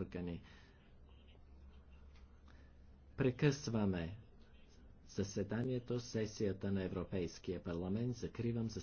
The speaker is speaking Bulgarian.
органи. Прекъсваме заседанието, сесията на Европейския парламент. Закривам за